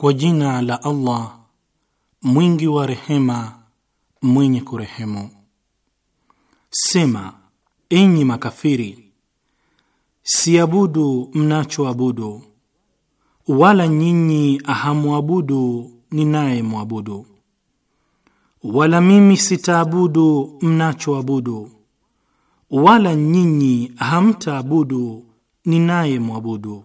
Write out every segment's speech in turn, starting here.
Kwa jina la Allah mwingi wa rehema, mwenye kurehemu. Sema, enyi makafiri, siabudu mnachoabudu, wala nyinyi hamwabudu mwabudu wala mimi sitaabudu mnachoabudu, wala nyinyi hamtaabudu ninayemwabudu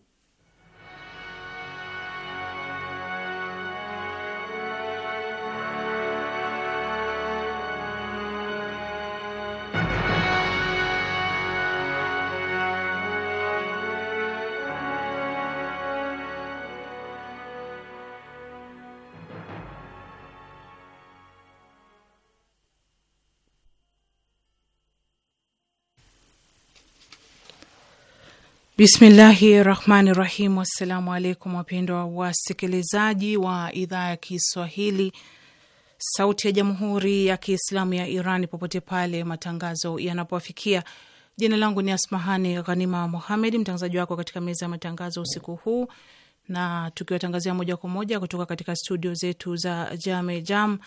Bismillahi rahmani rahim. Wassalamu alaikum wapendwa wasikilizaji wa idhaa ya Kiswahili sauti ya jamhuri ya Kiislamu ya Iran popote pale matangazo yanapowafikia. Jina langu ni Asmahani Ghanima Muhamed, mtangazaji wako katika meza ya matangazo usiku huu, na tukiwatangazia moja kwa moja kutoka katika studio zetu za Jame Jam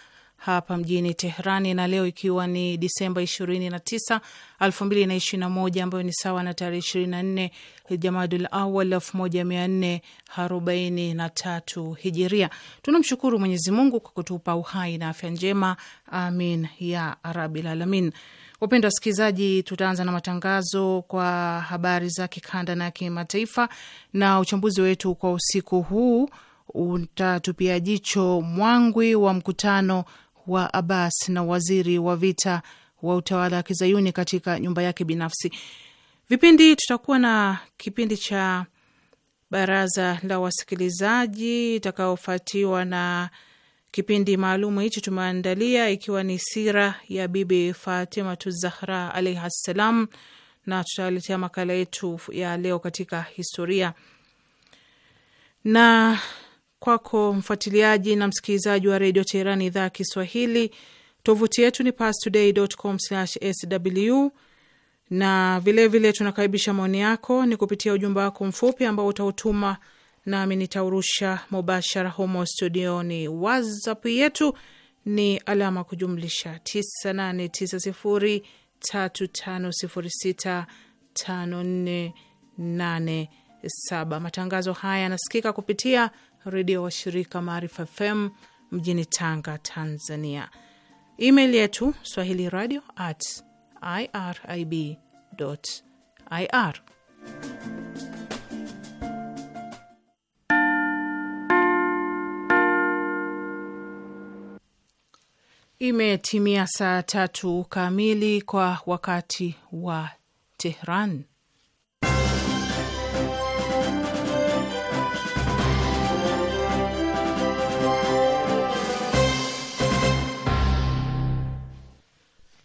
hapa mjini Teherani, na leo ikiwa ni Disemba 29, 2021 ambayo ni sawa na tarehe 24 Jamadul Awal 1443 Hijiria. Tunamshukuru Mwenyezi Mungu kwa kutupa uhai na afya njema, amin ya rabil alamin. Wapendwa wasikilizaji, tutaanza na matangazo kwa habari za kikanda na kimataifa, na uchambuzi wetu kwa usiku huu utatupia jicho mwangwi wa mkutano wa Abbas na waziri wa vita wa utawala wa kizayuni katika nyumba yake binafsi. Vipindi tutakuwa na kipindi cha baraza la wasikilizaji itakayofuatiwa na kipindi maalumu hichi tumeandalia, ikiwa ni sira ya Bibi Fatimatu Zahra alaihi ssalam, na tutawaletea makala yetu ya leo katika historia na kwako mfuatiliaji na msikilizaji wa redio Teheran, idhaa ya Kiswahili. Tovuti yetu ni pastoday.com/sw na vilevile vile tunakaribisha maoni yako ni kupitia ujumbe wako mfupi ambao utautuma nami nitaurusha mubashara humo studioni. WhatsApp yetu ni alama kujumlisha 989035065487. Matangazo haya yanasikika kupitia redio washirika Maarifa FM mjini Tanga, Tanzania. Email yetu swahili radio at irib ir. Imetimia saa tatu kamili kwa wakati wa Tehran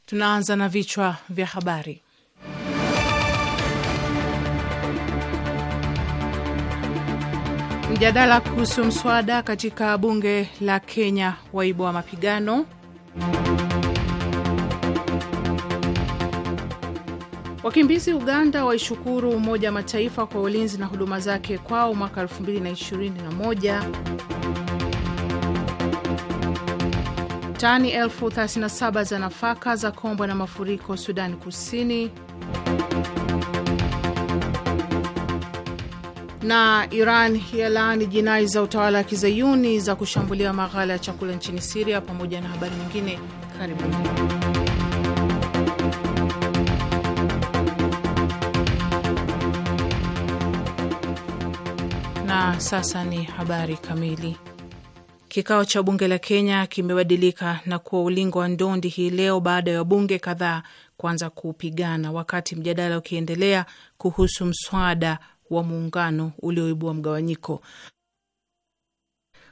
Tunaanza na vichwa vya habari. Mjadala kuhusu mswada katika bunge la Kenya waibua mapigano. Wakimbizi Uganda waishukuru Umoja wa Mataifa kwa ulinzi na huduma zake kwao mwaka 2021. Tani elfu 37 za nafaka za kombwa na mafuriko Sudani Kusini. Na Iran yalaani jinai za utawala wa kizayuni za kushambulia maghala ya chakula nchini Siria, pamoja na habari nyingine. Karibuni. Na sasa ni habari kamili. Kikao cha bunge la Kenya kimebadilika na kuwa ulingo wa ndondi hii leo baada ya wabunge kadhaa kuanza kupigana, wakati mjadala ukiendelea kuhusu mswada wa muungano ulioibua mgawanyiko.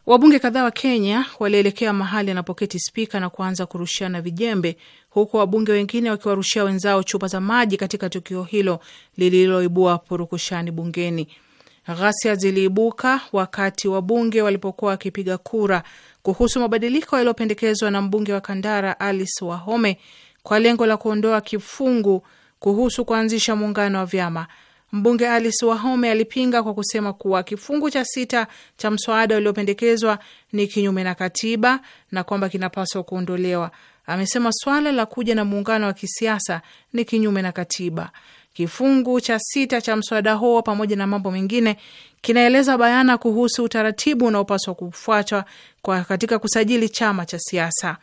Wabunge kadhaa wa Kenya walielekea mahali anapoketi spika na kuanza kurushiana vijembe, huku wabunge wengine wakiwarushia wenzao chupa za maji katika tukio hilo lililoibua purukushani bungeni. Ghasia ziliibuka wakati wabunge walipokuwa wakipiga kura kuhusu mabadiliko yaliyopendekezwa na mbunge wa Kandara Alice Wahome kwa lengo la kuondoa kifungu kuhusu kuanzisha muungano wa vyama. Mbunge Alice Wahome alipinga kwa kusema kuwa kifungu cha sita cha mswada uliopendekezwa ni kinyume na katiba na kwamba kinapaswa kuondolewa. Amesema swala la kuja na muungano wa kisiasa ni kinyume na katiba. Kifungu cha sita cha mswada huo pamoja na mambo mengine kinaeleza bayana kuhusu utaratibu unaopaswa kufuatwa kwa katika kusajili chama cha siasa.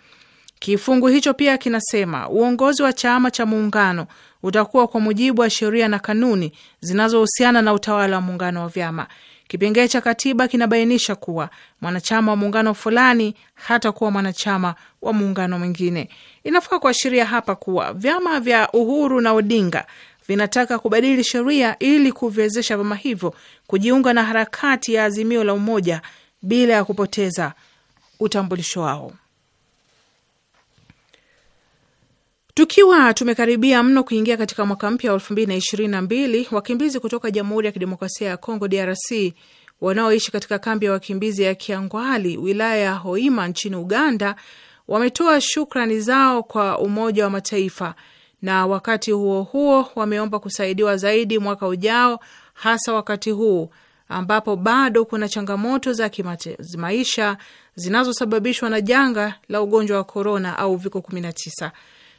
Kifungu hicho pia kinasema uongozi wa chama cha muungano utakuwa kwa mujibu wa sheria na kanuni zinazohusiana na utawala wa muungano wa vyama. Kipengee cha katiba kinabainisha kuwa mwanachama wa muungano fulani hatakuwa mwanachama wa muungano mwingine. Inafaa kuashiria hapa kuwa vyama vya Uhuru na Odinga vinataka kubadili sheria ili kuviwezesha vyama hivyo kujiunga na harakati ya Azimio la Umoja bila ya kupoteza utambulisho wao. Tukiwa tumekaribia mno kuingia katika mwaka mpya wa elfu mbili na ishirini na mbili, wakimbizi kutoka Jamhuri ya Kidemokrasia ya Kongo DRC wanaoishi katika kambi ya wakimbizi ya Kiangwali wilaya ya Hoima nchini Uganda wametoa shukrani zao kwa Umoja wa Mataifa na wakati huo huo wameomba kusaidiwa zaidi mwaka ujao, hasa wakati huu ambapo bado kuna changamoto za kimaisha zinazosababishwa na janga la ugonjwa wa korona au uviko 19.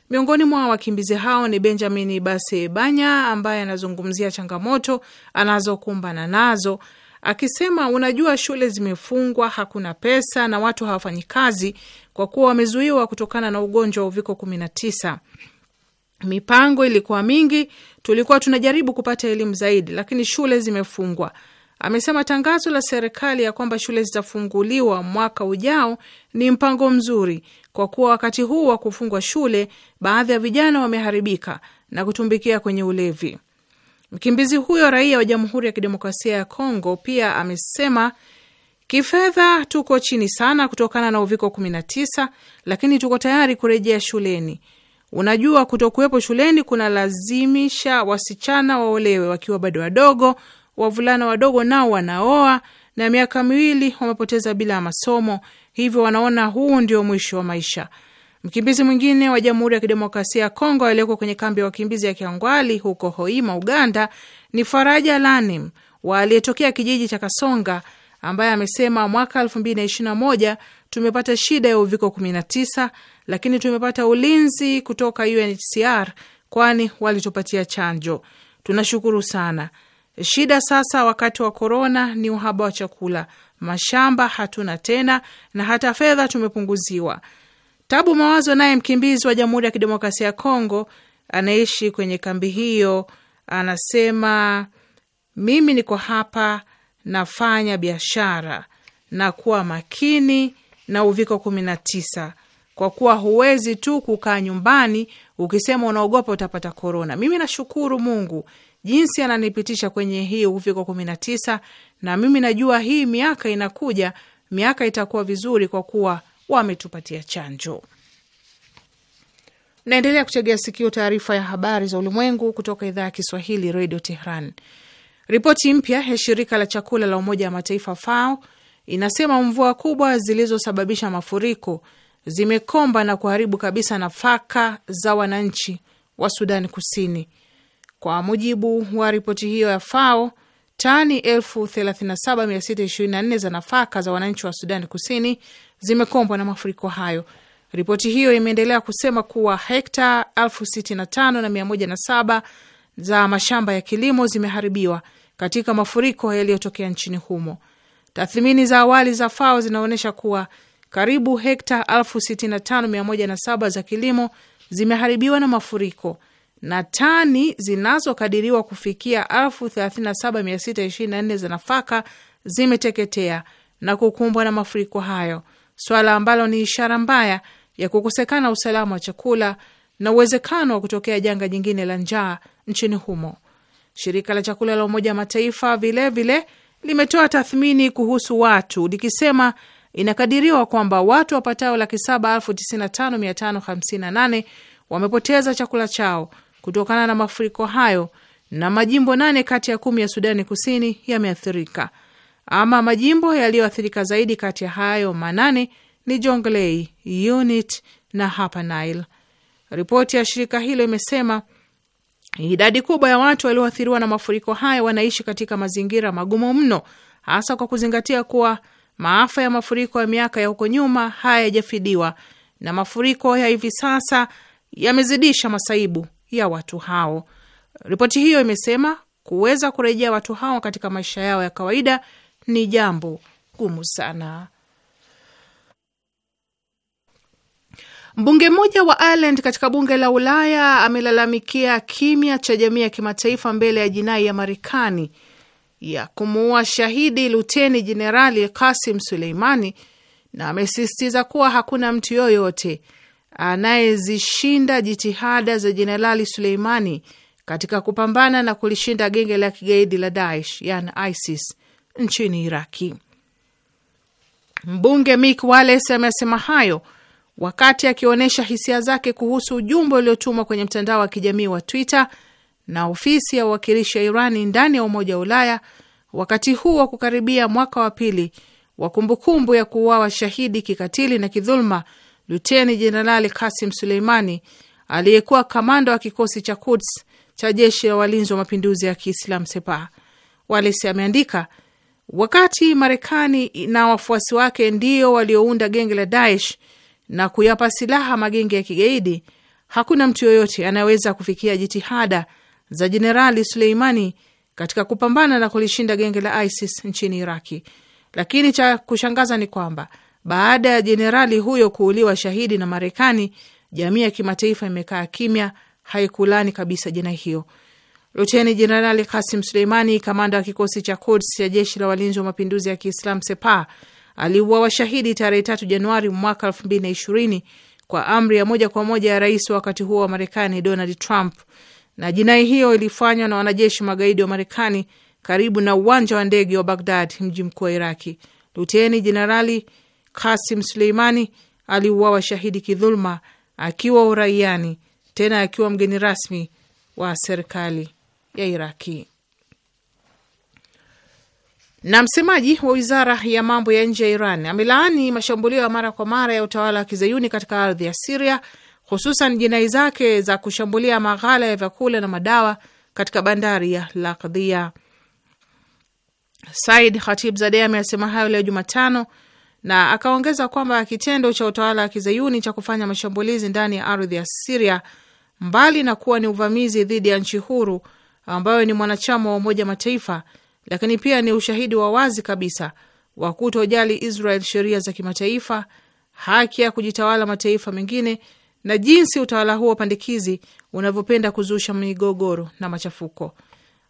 Miongoni mwa wakimbizi hao ni Benjamin Base Banya ambaye anazungumzia changamoto anazokumbana nazo akisema, unajua, shule zimefungwa, hakuna pesa na watu hawafanyi kazi kwa kuwa wamezuiwa kutokana na ugonjwa wa uviko 19. Mipango ilikuwa mingi, tulikuwa tunajaribu kupata elimu zaidi, lakini shule zimefungwa, amesema. Tangazo la serikali ya kwamba shule zitafunguliwa mwaka ujao ni mpango mzuri, kwa kuwa wakati huu wa kufungwa shule baadhi ya vijana wameharibika na kutumbikia kwenye ulevi. Mkimbizi huyo raia wa Jamhuri ya Kidemokrasia ya Kongo pia amesema kifedha tuko chini sana kutokana na uviko 19, lakini tuko tayari kurejea shuleni. Unajua, kutokuwepo shuleni kunalazimisha wasichana waolewe wakiwa bado wadogo, wavulana wadogo nao wanaoa, na miaka miwili wamepoteza bila ya masomo, hivyo wanaona huu ndio mwisho wa maisha. Mkimbizi mwingine wa Jamhuri ya Kidemokrasia ya Kongo aliyeko kwenye kambi ya wakimbizi ya Kiangwali huko Hoima, Uganda, ni Faraja Lanim wa aliyetokea kijiji cha Kasonga ambaye amesema mwaka 221 tumepata shida ya uviko 19, lakini tumepata ulinzi kutoka UNHCR kwani walitupatia chanjo. Tunashukuru sana. Shida sasa wakati wa korona ni uhaba wa chakula, mashamba hatuna tena, na hata fedha tumepunguziwa. Tabu Mawazo naye mkimbizi wa Jamhuri ya Kidemokrasia ya Kongo anaishi kwenye kambi hiyo, anasema mimi niko hapa nafanya biashara na kuwa makini na uviko 19, kwa kuwa huwezi tu kukaa nyumbani ukisema unaogopa utapata korona. Mimi nashukuru Mungu jinsi ananipitisha kwenye hii uviko 19, na mimi najua hii miaka inakuja, miaka itakuwa vizuri kwa kuwa wametupatia chanjo. Naendelea kuchegea sikio taarifa ya habari za ulimwengu kutoka idhaa ya Kiswahili, redio Tehran. Ripoti mpya ya shirika la chakula la Umoja wa Mataifa FAO inasema mvua kubwa zilizosababisha mafuriko zimekomba na kuharibu kabisa nafaka za wananchi wa Sudani Kusini. Kwa mujibu wa ripoti hiyo ya FAO, tani 37624 za nafaka za wananchi wa Sudani Kusini zimekombwa na mafuriko hayo. Ripoti hiyo imeendelea kusema kuwa hekta 65107 za mashamba ya kilimo zimeharibiwa katika mafuriko yaliyotokea nchini humo. Tathmini za awali za FAO zinaonyesha kuwa karibu hekta 65107 za kilimo zimeharibiwa na mafuriko na tani zinazokadiriwa kufikia 37624 za nafaka zimeteketea na kukumbwa na mafuriko hayo, swala ambalo ni ishara mbaya ya kukosekana usalama wa chakula na uwezekano wa kutokea janga jingine la njaa nchini humo. Shirika la chakula la Umoja wa Mataifa vilevile limetoa tathmini kuhusu watu likisema inakadiriwa kwamba watu wapatao laki saba elfu tisini na tano mia tano hamsini na nane wamepoteza chakula chao kutokana na mafuriko hayo na majimbo nane kati ya kumi ya Sudani Kusini yameathirika. Ama majimbo yaliyoathirika zaidi kati ya hayo manane ni Jonglei, Unit na Hapa Nile. Ripoti ya shirika hilo imesema Idadi kubwa ya watu walioathiriwa na mafuriko haya wanaishi katika mazingira magumu mno, hasa kwa kuzingatia kuwa maafa ya mafuriko ya miaka ya huko nyuma hayajafidiwa na mafuriko ya hivi sasa yamezidisha masaibu ya watu hao. Ripoti hiyo imesema kuweza kurejea watu hao katika maisha yao ya kawaida ni jambo gumu sana. Mbunge mmoja wa Ireland katika bunge la Ulaya amelalamikia kimya cha jamii ya kimataifa mbele ya jinai ya Marekani ya kumuua shahidi luteni jenerali Kasim Suleimani, na amesisitiza kuwa hakuna mtu yoyote anayezishinda jitihada za jenerali Suleimani katika kupambana na kulishinda genge la kigaidi la Daesh yani ISIS nchini Iraki. Mbunge Mick Wallace amesema hayo wakati akionyesha hisia zake kuhusu ujumbe uliotumwa kwenye mtandao wa kijamii wa Twitter na ofisi ya uwakilishi ya Irani ndani ya Umoja wa Ulaya wakati huu wa kukaribia mwaka wa pili wa kumbukumbu ya kuuawa shahidi kikatili na kidhuluma Luteni Jenerali Kasim Suleimani aliyekuwa kamanda wa kikosi cha Quds cha jeshi la walinzi wa mapinduzi ya Kiislam Sepah. Walesi ameandika, wakati Marekani na wafuasi wake ndio waliounda genge la Daesh na kuyapa silaha magenge ya kigaidi, hakuna mtu yoyote anayeweza kufikia jitihada za Jenerali Suleimani katika kupambana na kulishinda genge la ISIS nchini Iraki. Lakini cha kushangaza ni kwamba baada ya jenerali huyo kuuliwa shahidi na Marekani, jamii ya kimataifa imekaa kimya, haikulani kabisa jina hiyo. Luteni Jenerali Kasim Suleimani, kamanda wa kikosi cha Kuds ya jeshi la walinzi wa mapinduzi ya Kiislam Sepah, aliuawa shahidi tarehe tatu Januari mwaka elfu mbili na ishirini kwa amri ya moja kwa moja ya rais wa wakati huo wa Marekani Donald Trump, na jinai hiyo ilifanywa na wanajeshi magaidi wa Marekani karibu na uwanja wa ndege wa Bagdad, mji mkuu wa Iraki. Luteni Jenerali Kasim Suleimani aliuawa shahidi kidhuluma akiwa uraiani, tena akiwa mgeni rasmi wa serikali ya Iraki. Na msemaji wa wizara ya mambo ya nje ya Iran amelaani mashambulio ya mara kwa mara ya utawala wa kizayuni katika ardhi ya Siria, hususan jinai zake za kushambulia maghala ya vyakula na madawa katika bandari ya Lakdhia. Said Zade amesema hayo leo Jumatano na akaongeza kwamba kitendo cha utawala wa kizayuni cha kufanya mashambulizi ndani ya ardhi ya Siria, mbali na kuwa ni uvamizi dhidi ya nchi huru ambayo ni mwanachama wa Umoja Mataifa, lakini pia ni ushahidi wa wazi kabisa wa kutojali Israel sheria za kimataifa, haki ya kujitawala mataifa mengine na jinsi utawala huo pandikizi unavyopenda kuzusha migogoro na machafuko.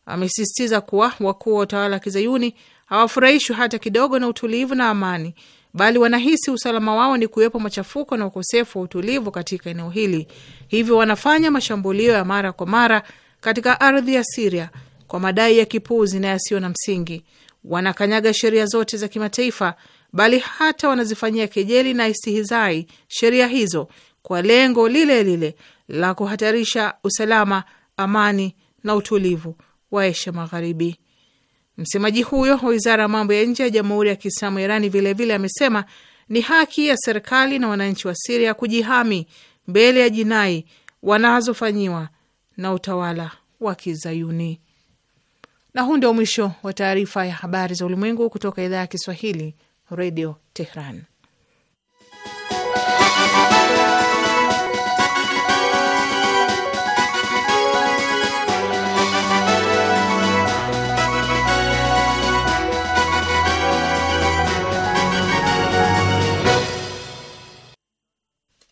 Amesisitiza kuwa wakuu wa utawala wa kizayuni hawafurahishwi hata kidogo na utulivu na amani, bali wanahisi usalama wao ni kuwepo machafuko na ukosefu wa utulivu katika eneo hili, hivyo wanafanya mashambulio ya mara kwa mara katika ardhi ya Siria kwa madai ya kipuuzi na yasiyo na msingi. Wanakanyaga sheria zote za kimataifa, bali hata wanazifanyia kejeli na istihizai sheria hizo kwa lengo lile lile la kuhatarisha usalama, amani na utulivu wa Asia Magharibi. Msemaji huyo wa wizara ya mambo ya nje ya Jamhuri ya Kiislamu Irani vilevile amesema ni haki ya serikali na wananchi wa Siria kujihami mbele ya jinai wanazofanyiwa na utawala wa Kizayuni. Na huu ndio mwisho wa taarifa ya habari za ulimwengu kutoka idhaa ya Kiswahili, Redio Tehran.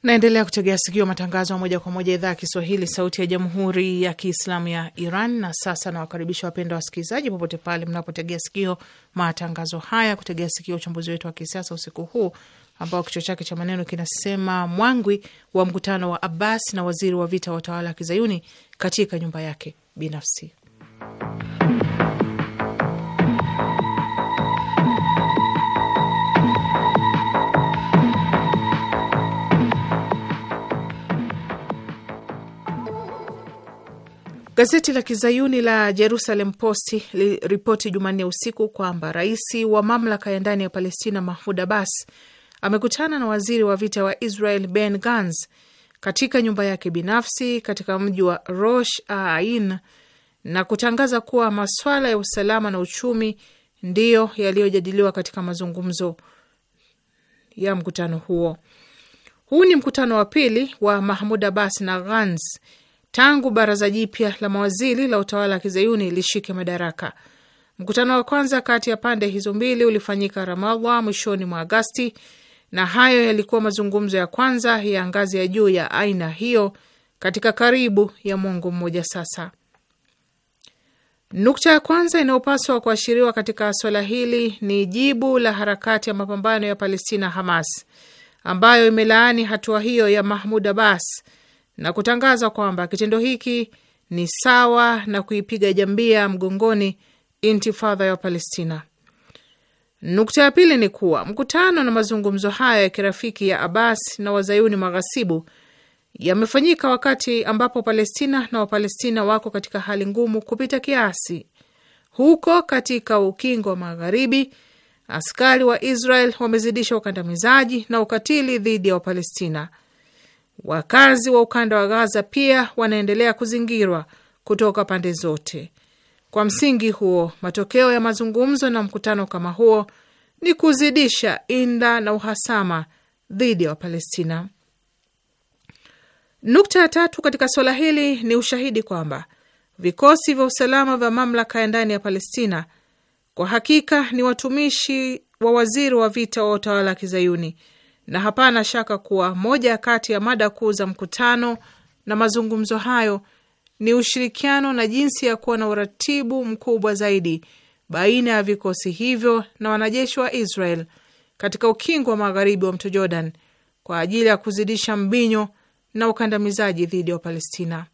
Naendelea kutegea sikio matangazo ya moja kwa moja idhaa ya Kiswahili, sauti ya jamhuri ya kiislamu ya Iran. Na sasa nawakaribisha wapenda wasikilizaji, popote pale mnapotegea sikio matangazo haya, kutegea sikio uchambuzi wetu wa kisiasa usiku huu ambao kichwa chake cha maneno kinasema mwangwi wa mkutano wa Abbas na waziri wa vita wa utawala wa kizayuni katika nyumba yake binafsi. Gazeti la kizayuni la Jerusalem Post liripoti Jumanne usiku kwamba rais wa mamlaka ya ndani ya Palestina Mahmud Abbas amekutana na waziri wa vita wa Israel Ben Gans katika nyumba yake binafsi katika mji wa Rosh Ain na kutangaza kuwa maswala ya usalama na uchumi ndiyo yaliyojadiliwa katika mazungumzo ya mkutano huo. Huu ni mkutano wa pili wa Mahmud Abbas na Gans tangu baraza jipya la mawaziri la utawala wa kizayuni lishike madaraka. Mkutano wa kwanza kati ya pande hizo mbili ulifanyika Ramallah mwishoni mwa Agasti, na hayo yalikuwa mazungumzo ya kwanza ya ngazi ya juu ya aina hiyo katika karibu ya mwongo mmoja sasa. Nukta ya kwanza inayopaswa kuashiriwa katika swala hili ni jibu la harakati ya mapambano ya Palestina, Hamas, ambayo imelaani hatua hiyo ya Mahmud Abbas na kutangaza kwamba kitendo hiki ni sawa na kuipiga jambia mgongoni intifadha ya Palestina. Nukta ya pili ni kuwa mkutano na mazungumzo hayo ya kirafiki ya Abbas na wazayuni maghasibu yamefanyika wakati ambapo Palestina na Wapalestina wako katika hali ngumu kupita kiasi. Huko katika ukingo wa Magharibi, askari wa Israel wamezidisha ukandamizaji na ukatili dhidi ya Wapalestina. Wakazi wa ukanda wa Gaza pia wanaendelea kuzingirwa kutoka pande zote. Kwa msingi huo, matokeo ya mazungumzo na mkutano kama huo ni kuzidisha inda na uhasama dhidi ya Wapalestina. Nukta ya tatu katika suala hili ni ushahidi kwamba vikosi vya usalama vya mamlaka ya ndani ya Palestina kwa hakika ni watumishi wa waziri wa vita wa utawala wa Kizayuni na hapana shaka kuwa moja kati ya mada kuu za mkutano na mazungumzo hayo ni ushirikiano na jinsi ya kuwa na uratibu mkubwa zaidi baina ya vikosi hivyo na wanajeshi wa Israel katika ukingo wa magharibi wa mto Jordan kwa ajili ya kuzidisha mbinyo na ukandamizaji dhidi ya Palestina.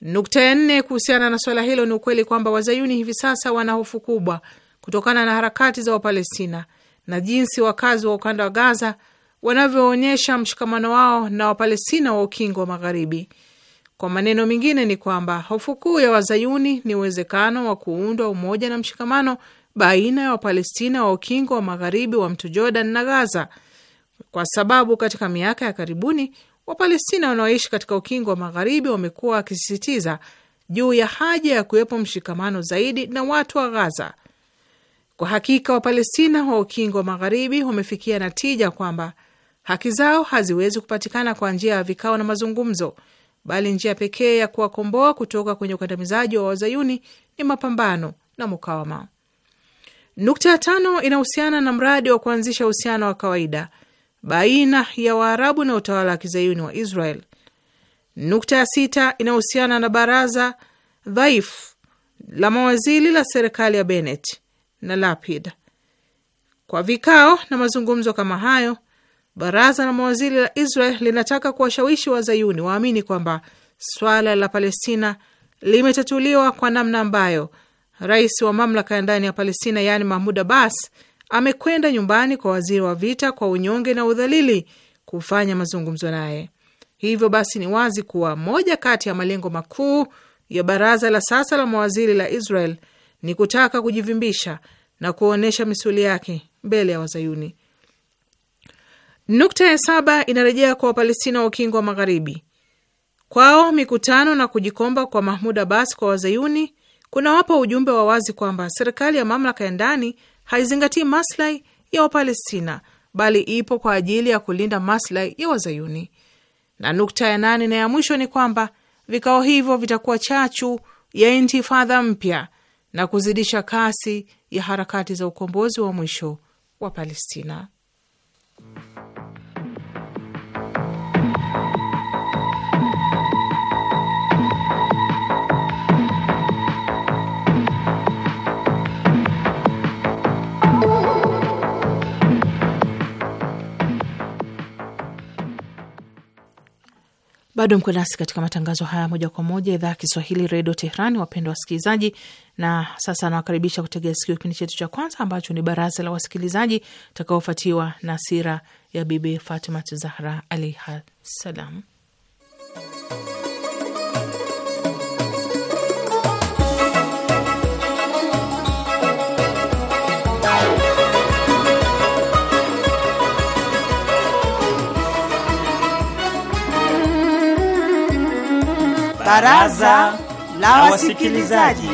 Nukta ya nne kuhusiana na swala hilo ni ukweli kwamba wazayuni hivi sasa wana hofu kubwa kutokana na harakati za Wapalestina na jinsi wakazi wa ukanda wa Gaza wanavyoonyesha mshikamano wao na Wapalestina wa ukingo wa Magharibi. Kwa maneno mengine, ni kwamba hofu kuu ya wazayuni ni uwezekano wa kuundwa umoja na mshikamano baina ya Wapalestina wa ukingo wa Magharibi wa mto Jordan na Gaza, kwa sababu katika miaka ya karibuni Wapalestina wanaoishi katika ukingo wa Magharibi wamekuwa wakisisitiza juu ya haja ya kuwepo mshikamano zaidi na watu wa Gaza kwa hakika Wapalestina wa ukingo wa magharibi wamefikia natija kwamba haki zao haziwezi kupatikana kwa njia ya vikao na mazungumzo, bali njia pekee ya kuwakomboa kutoka kwenye ukandamizaji wa wazayuni ni mapambano na mukawama. Nukta ya tano inahusiana na mradi wa kuanzisha uhusiano wa kawaida baina ya Waarabu na utawala wa kizayuni wa Israel. Nukta ya sita inahusiana na baraza dhaifu la mawaziri la serikali ya Bennett na Lapid. Kwa vikao na mazungumzo kama hayo, baraza la mawaziri la Israel linataka kuwashawishi wazayuni waamini kwamba swala la Palestina limetatuliwa kwa namna ambayo rais wa mamlaka ya ndani ya Palestina yaani Mahmud Abbas amekwenda nyumbani kwa waziri wa vita kwa unyonge na udhalili kufanya mazungumzo naye. Hivyo basi, ni wazi kuwa moja kati ya malengo makuu ya baraza la sasa la mawaziri la Israel ni kutaka kujivimbisha na kuonyesha misuli yake mbele ya Wazayuni. Nukta ya saba inarejea kwa Wapalestina wa ukingo wa Magharibi. Kwao mikutano na kujikomba kwa Mahmud Abbas kwa Wazayuni kunawapa ujumbe wa wazi kwamba serikali ya mamlaka ya ndani haizingatii maslahi ya Wapalestina bali ipo kwa ajili ya kulinda maslahi ya Wazayuni. Na nukta ya nane na ya mwisho ni kwamba vikao hivyo vitakuwa chachu ya intifadha mpya na kuzidisha kasi ya harakati za ukombozi wa mwisho wa Palestina. Bado mko nasi katika matangazo haya moja kwa moja, idhaa ya Kiswahili, redio Teherani. Wapendwa wasikilizaji, na sasa nawakaribisha kutegea sikio kipindi chetu cha kwanza ambacho ni baraza la wasikilizaji takaofuatiwa na sira ya Bibi fatimat Zahra alaihi salam. Baraza la wasikilizaji.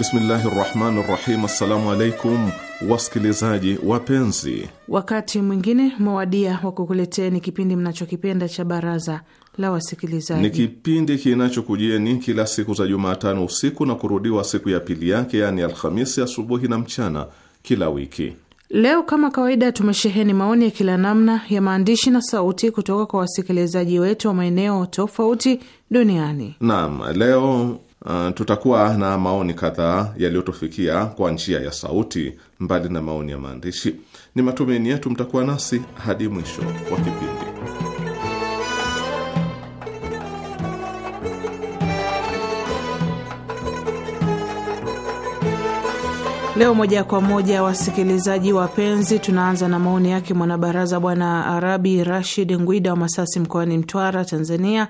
Bismillahi rahmani rahim. Assalamu alaikum wasikilizaji wapenzi, wakati mwingine mwawadia wa kukuleteni kipindi mnachokipenda cha baraza la wasikilizaji. Ni kipindi kinachokujieni kila siku za Jumatano usiku na kurudiwa siku ya pili yake, yaani Alhamisi asubuhi ya na mchana kila wiki. Leo kama kawaida, tumesheheni maoni ya kila namna ya maandishi na sauti kutoka kwa wasikilizaji wetu wa maeneo tofauti duniani. Naam, leo Uh, tutakuwa na maoni kadhaa yaliyotufikia kwa njia ya sauti, mbali na maoni ya maandishi. Ni matumaini yetu mtakuwa nasi hadi mwisho wa kipindi. Leo moja kwa moja, wasikilizaji wapenzi, tunaanza na maoni yake mwanabaraza Bwana Arabi Rashid Ngwida wa Masasi mkoani Mtwara, Tanzania.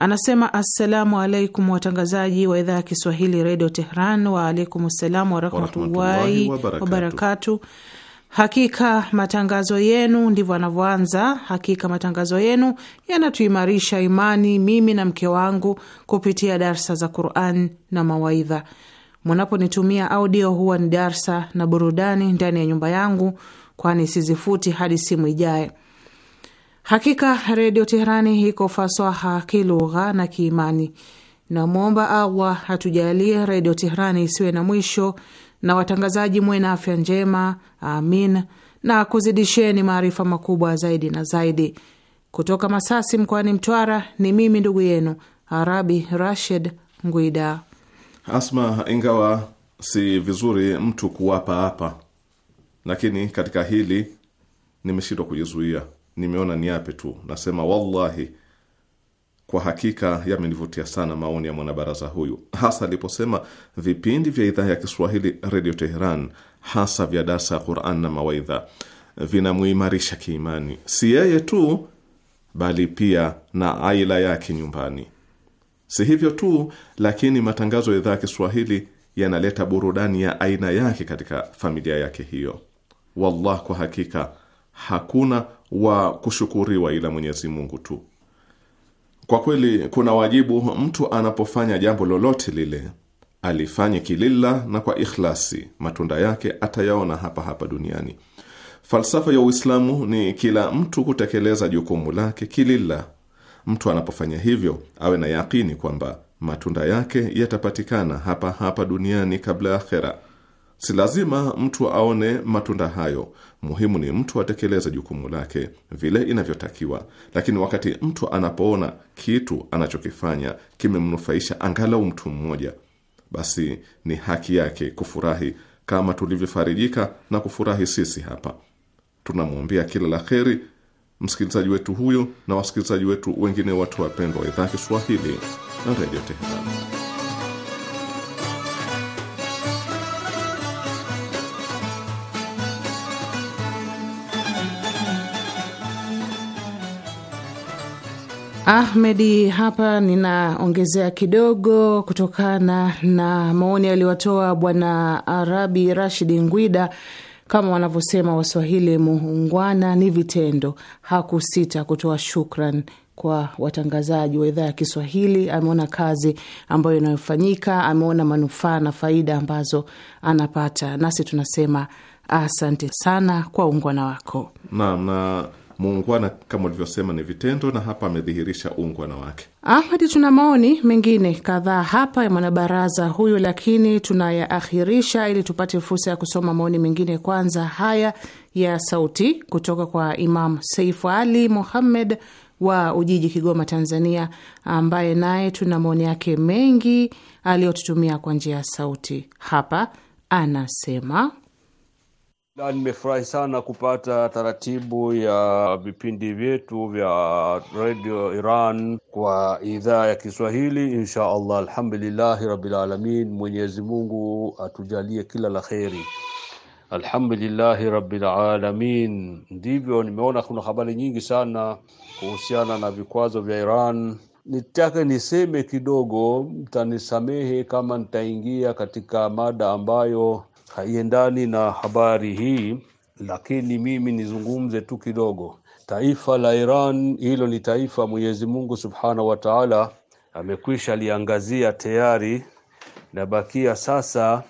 Anasema, assalamu alaikum watangazaji wa idhaa ya Kiswahili redio Tehran. Waalaikum salam warahmatullahi wabarakatu. Hakika matangazo yenu, ndivyo anavyoanza. Hakika matangazo yenu yanatuimarisha imani, mimi na mke wangu, kupitia darsa za Quran na mawaidha. Mwanaponitumia audio, huwa ni darsa na burudani ndani ya nyumba yangu, kwani sizifuti hadi simu ijaye. Hakika Redio Teherani iko fasaha kilugha na kiimani. Namwomba Allah hatujalie Redio Teherani isiwe na mwisho, na watangazaji mwe na afya njema, amin, na kuzidisheni maarifa makubwa zaidi na zaidi. Kutoka Masasi mkoani Mtwara ni mimi ndugu yenu Arabi Rashid Ngwida. Asma, ingawa si vizuri mtu kuwapa hapa, lakini katika hili nimeshindwa kujizuia nimeona ni yape tu. Nasema wallahi, kwa hakika yamenivutia sana maoni ya mwanabaraza huyu, hasa aliposema vipindi vya idhaa ya Kiswahili Redio Teheran, hasa vya darsa ya Quran na mawaidha vinamuimarisha kiimani, si yeye tu bali pia na aila yake nyumbani. Si hivyo tu, lakini matangazo ya idhaa ya Kiswahili yanaleta burudani ya aina yake katika familia yake hiyo. Wallah, kwa hakika hakuna wa kushukuriwa ila Mwenyezi Mungu tu. Kwa kweli kuna wajibu mtu anapofanya jambo lolote lile alifanye kililla na kwa ikhlasi, matunda yake atayaona hapa hapa duniani. Falsafa ya Uislamu ni kila mtu kutekeleza jukumu lake kililla. Mtu anapofanya hivyo awe na yakini kwamba matunda yake yatapatikana hapa hapa duniani kabla ya akhera. Si lazima mtu aone matunda hayo, Muhimu ni mtu atekeleze jukumu lake vile inavyotakiwa, lakini wakati mtu anapoona kitu anachokifanya kimemnufaisha angalau mtu mmoja, basi ni haki yake kufurahi kama tulivyofarijika na kufurahi sisi hapa. Tunamwombea kila la kheri msikilizaji wetu huyu na wasikilizaji wetu wengine, watu wapendwa wa idhaa Kiswahili na Redio Teherani. Ahmedi, hapa ninaongezea kidogo kutokana na maoni aliyotoa Bwana Arabi Rashidi Ngwida. Kama wanavyosema Waswahili, muungwana ni vitendo. Hakusita kutoa shukran kwa watangazaji wa idhaa ya Kiswahili. Ameona kazi ambayo inayofanyika, ameona manufaa na faida ambazo anapata, nasi tunasema asante sana kwa uungwana wako. Naam, na Muungwana kama ulivyosema ni vitendo, na hapa amedhihirisha uungwana wake. Ahmadi, tuna maoni mengine kadhaa hapa ya mwanabaraza huyu, lakini tunayaakhirisha ili tupate fursa ya kusoma maoni mengine. Kwanza haya ya sauti kutoka kwa Imam Saifu Ali muhammed wa Ujiji, Kigoma, Tanzania, ambaye naye tuna maoni yake mengi aliyotutumia kwa njia ya sauti. Hapa anasema na nimefurahi sana kupata taratibu ya vipindi vyetu vya Radio Iran kwa idhaa ya Kiswahili, insha Allah. Alhamdulillahi rabbil alamin, Mwenyezi Mungu atujalie kila la kheri. Alhamdulillahi rabbil alamin. Ndivyo nimeona kuna habari nyingi sana kuhusiana na vikwazo vya Iran. Nitake niseme kidogo, mtanisamehe kama nitaingia katika mada ambayo haiendani na habari hii, lakini mimi nizungumze tu kidogo. Taifa la Iran hilo ni taifa Mwenyezi Mungu Subhanahu wa Ta'ala amekwisha liangazia tayari, na bakia sasa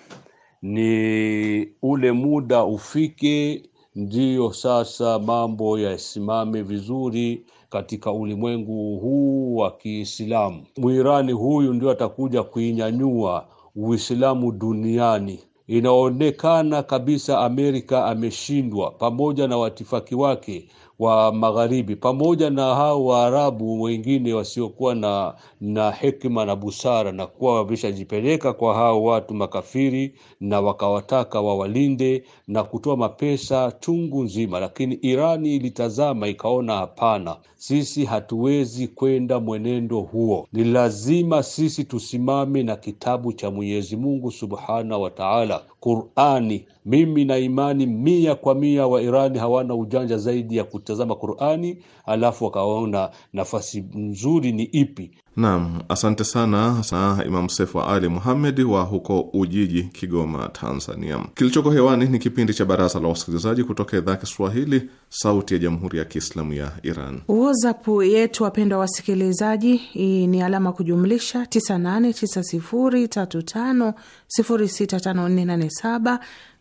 ni ule muda ufike, ndiyo sasa mambo yasimame vizuri katika ulimwengu huu wa Kiislamu. Muirani huyu ndio atakuja kuinyanyua Uislamu duniani. Inaonekana kabisa Amerika ameshindwa, pamoja na watifaki wake wa magharibi, pamoja na hao Waarabu wengine wasiokuwa na na hekima na busara, na kuwa wameshajipeleka kwa hao watu makafiri na wakawataka wawalinde na kutoa mapesa chungu nzima, lakini Irani ilitazama ikaona, hapana, sisi hatuwezi kwenda mwenendo huo. Ni lazima sisi tusimame na kitabu cha Mwenyezi Mungu subhana wa taala, Qurani. Mimi na imani mia kwa mia wa Irani hawana ujanja zaidi ya kutazama Qurani, alafu wakaona nafasi nzuri ni ipi. Naam, asante sana na Imam Sefu wa Ali Muhammed wa huko Ujiji, Kigoma, Tanzania. Kilichoko hewani ni kipindi cha Baraza la Wasikilizaji kutoka idhaa ya Kiswahili, Sauti ya Jamhuri ya Kiislamu ya Iran. WhatsApp yetu wapendwa wasikilizaji ni alama kujumlisha 989035065487.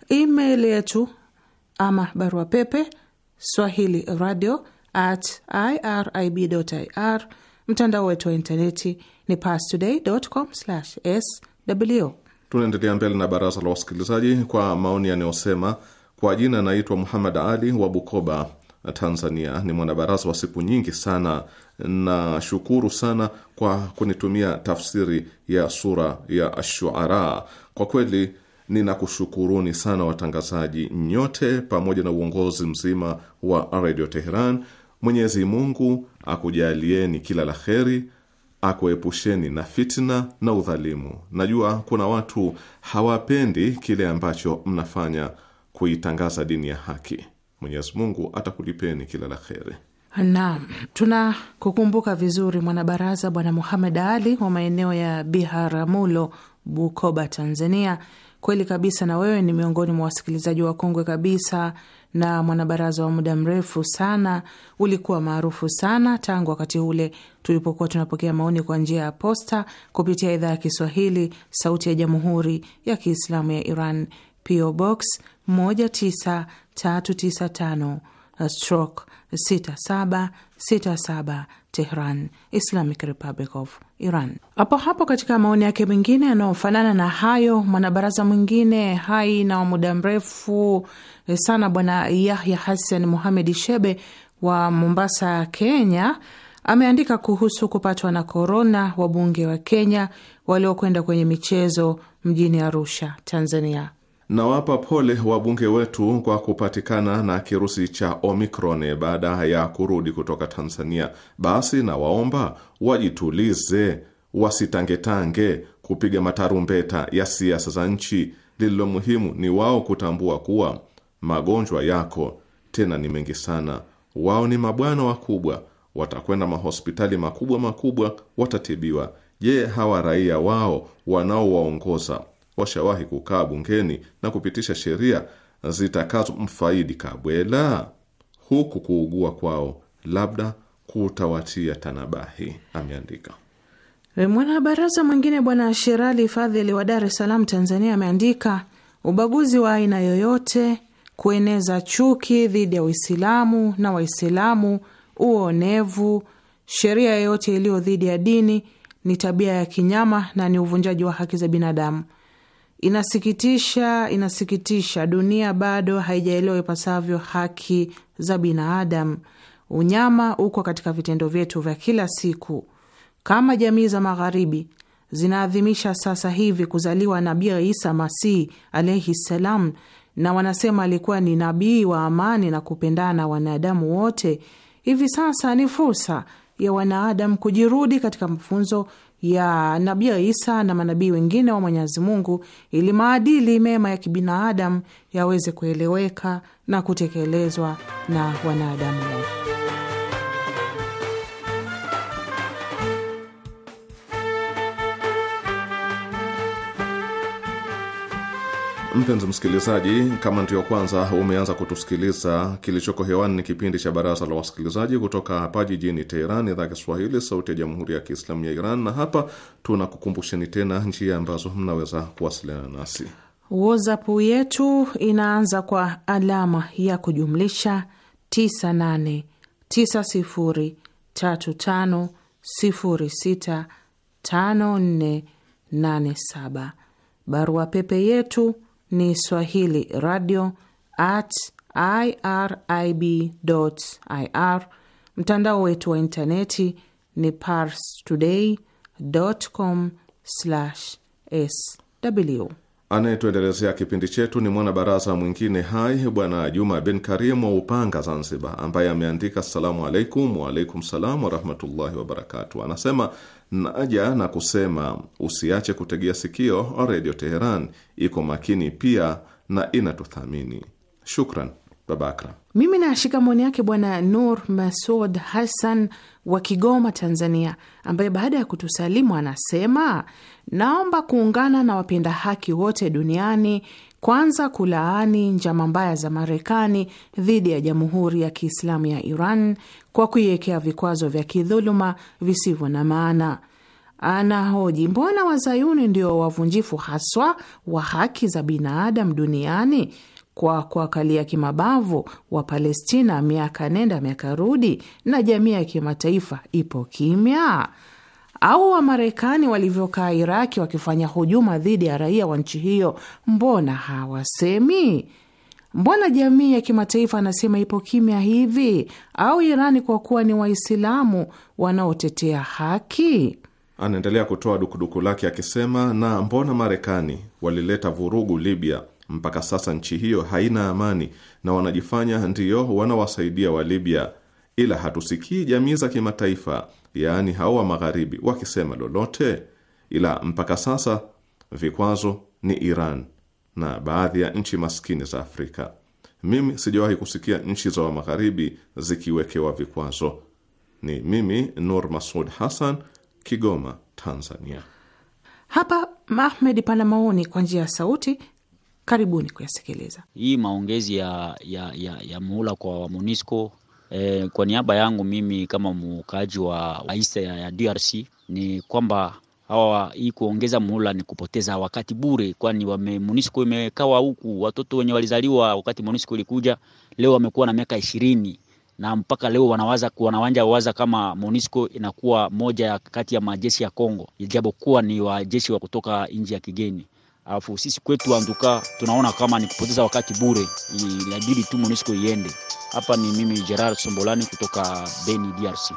Email yetu ama barua pepe swahili radio at irib.ir Mtandao wetu wa intaneti ni sw Tunaendelea mbele na baraza la wasikilizaji kwa maoni yanayosema, kwa jina anaitwa Muhammad Ali wa Bukoba, Tanzania. Ni mwanabaraza wa siku nyingi sana. Nashukuru sana kwa kunitumia tafsiri ya sura ya Ashuara. Kwa kweli ninakushukuruni sana watangazaji nyote, pamoja na uongozi mzima wa Radio Teheran. Mwenyezi Mungu akujalieni kila la kheri, akuepusheni na fitna na udhalimu. Najua kuna watu hawapendi kile ambacho mnafanya kuitangaza dini ya haki. Mwenyezi Mungu atakulipeni kila la kheri. Naam, tuna kukumbuka vizuri mwanabaraza Bwana Muhamed Ali wa maeneo ya Biharamulo, Bukoba, Tanzania. Kweli kabisa, na wewe ni miongoni mwa wasikilizaji wakongwe kabisa na mwanabaraza wa muda mrefu sana, ulikuwa maarufu sana tangu wakati ule tulipokuwa tunapokea maoni kwa njia ya posta kupitia idhaa ya Kiswahili, Sauti ya Jamhuri ya Kiislamu ya Iran, PO Box 19395 stroke 6767 Tehran, Islamic Republic of Iran. Hapo hapo katika maoni yake mengine yanayofanana na hayo, mwanabaraza mwingine hai na wa muda mrefu sana Bwana Yahya Hassan Muhamed Shebe wa Mombasa, Kenya, ameandika kuhusu kupatwa na korona wabunge wa Kenya waliokwenda kwenye michezo mjini Arusha, Tanzania. Nawapa pole wabunge wetu kwa kupatikana na kirusi cha Omicron baada ya kurudi kutoka Tanzania. Basi nawaomba wajitulize, wasitangetange kupiga matarumbeta ya siasa za nchi. Lililo muhimu ni wao kutambua kuwa magonjwa yako tena ni mengi sana. Wao ni mabwana wakubwa, watakwenda mahospitali makubwa makubwa, watatibiwa. Je, hawa raia wao wanaowaongoza washawahi kukaa bungeni na kupitisha sheria zitakazomfaidi Kabwela? Huku kuugua kwao labda kutawatia tanabahi, ameandika mwanabaraza mwingine Bwana Sherali Fadhili wa Dar es Salaam, Tanzania, ameandika ubaguzi wa aina yoyote, kueneza chuki dhidi ya Uislamu na Waislamu, uonevu, sheria yoyote iliyo dhidi ya dini ni tabia ya kinyama na ni uvunjaji wa haki za binadamu. Inasikitisha, inasikitisha, dunia bado haijaelewa ipasavyo haki za binadamu. Unyama uko katika vitendo vyetu vya kila siku. Kama jamii za Magharibi zinaadhimisha sasa hivi kuzaliwa Nabii Isa Masihi alaihi ssalam, na wanasema alikuwa ni nabii wa amani na kupendana wanadamu wote, hivi sasa ni fursa ya wanadamu kujirudi katika mafunzo ya Nabii Isa na manabii wengine wa Mwenyezi Mungu ili maadili mema ya kibinadamu yaweze kueleweka na kutekelezwa na wanadamu wote. Mpenzi msikilizaji, kama ndiyo kwanza umeanza kutusikiliza, kilichoko hewani ni kipindi cha Baraza la Wasikilizaji kutoka hapa jijini Teheran, idhaa Kiswahili, sauti ya Jamhuri ya Kiislamu ya Iran. Na hapa tunakukumbusheni tena njia ambazo mnaweza kuwasiliana nasi. WhatsApp yetu inaanza kwa alama ya kujumlisha 989035065487. Barua pepe yetu ni swahili radio at irib ir. Mtandao wetu wa intaneti ni pars today com sw. Anayetuendelezea kipindi chetu ni mwanabaraza mwingine hai Bwana Juma bin Karimu wa Upanga, Zanzibar, ambaye ameandika assalamu alaikum. Waalaikum salam warahmatullahi wabarakatu. Anasema naja na kusema usiache kutegea sikio Redio Teheran, iko makini pia na inatuthamini. Shukran Babakra. Mimi nashika maoni yake Bwana Nur Masud Hassan wa Kigoma, Tanzania, ambaye baada ya kutusalimu anasema naomba kuungana na wapenda haki wote duniani kwanza kulaani njama mbaya za Marekani dhidi ya Jamhuri ya Kiislamu ya Iran kwa kuiwekea vikwazo vya kidhuluma visivyo na maana. Anahoji, mbona wazayuni ndio wavunjifu haswa wa haki za binadamu duniani kwa kuwakalia kimabavu wa Palestina miaka nenda miaka rudi, na jamii ya kimataifa ipo kimya? au Wamarekani walivyokaa Iraki wakifanya hujuma dhidi ya raia wa nchi hiyo, mbona hawasemi? Mbona jamii ya kimataifa anasema ipo kimya hivi? Au Irani kwa kuwa ni Waislamu wanaotetea haki? Anaendelea kutoa dukuduku lake akisema, na mbona Marekani walileta vurugu Libya mpaka sasa nchi hiyo haina amani na wanajifanya ndiyo wanawasaidia wa Libya, ila hatusikii jamii za kimataifa yaani hao wa magharibi wakisema lolote, ila mpaka sasa vikwazo ni Iran na baadhi ya nchi maskini za Afrika. Mimi sijawahi kusikia nchi za wa magharibi zikiwekewa vikwazo. Ni mimi Nur Masud Hassan, Kigoma, Tanzania. Hapa Mahmed pana maoni kwa njia ya sauti, karibuni kuyasikiliza. Hii maongezi ya, ya, ya, ya muhula kwa MONUSCO E, kwa niaba yangu mimi kama mkaaji wa aisa ya DRC ni kwamba hawa hii kuongeza muhula ni kupoteza wakati bure, kwani wame MONUSCO imekawa huku, watoto wenye walizaliwa wakati MONUSCO ilikuja, leo wamekuwa na miaka ishirini na mpaka leo wanawaza wanawanja waza kama MONUSCO inakuwa moja kati ya majeshi ya Kongo, ijapokuwa ni wajeshi wa kutoka nchi ya kigeni. Alafu sisi kwetu anduka tunaona kama ni kupoteza wakati bure, inabidi tu MONUSCO iende. Hapa ni mimi Gerard Sombolani kutoka Beni, DRC.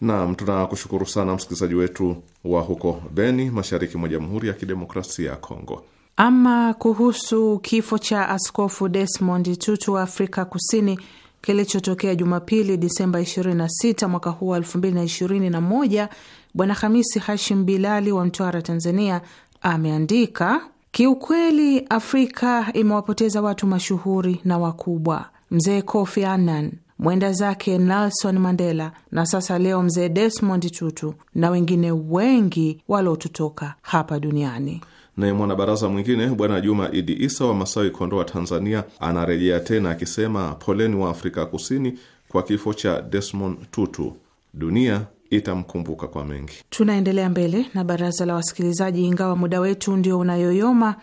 Naam, tunakushukuru sana msikilizaji wetu wa huko Beni, mashariki mwa Jamhuri ya Kidemokrasia ya Kongo. Ama kuhusu kifo cha Askofu Desmond Tutu wa Afrika Kusini kilichotokea Jumapili Disemba 26 mwaka huu wa 2021, Bwana Hamisi Hashim Bilali wa Mtwara, Tanzania, ameandika Kiukweli, Afrika imewapoteza watu mashuhuri na wakubwa, mzee Kofi Annan, mwenda zake Nelson Mandela na sasa leo mzee Desmond Tutu na wengine wengi waliotutoka hapa duniani. Naye mwanabaraza mwingine Bwana Juma Idi Isa wa Masawi, Kondoa, Tanzania, anarejea tena akisema poleni wa Afrika Kusini kwa kifo cha Desmond Tutu. Dunia itamkumbuka kwa mengi. Tunaendelea mbele na baraza la wasikilizaji, ingawa muda wetu ndio unayoyoma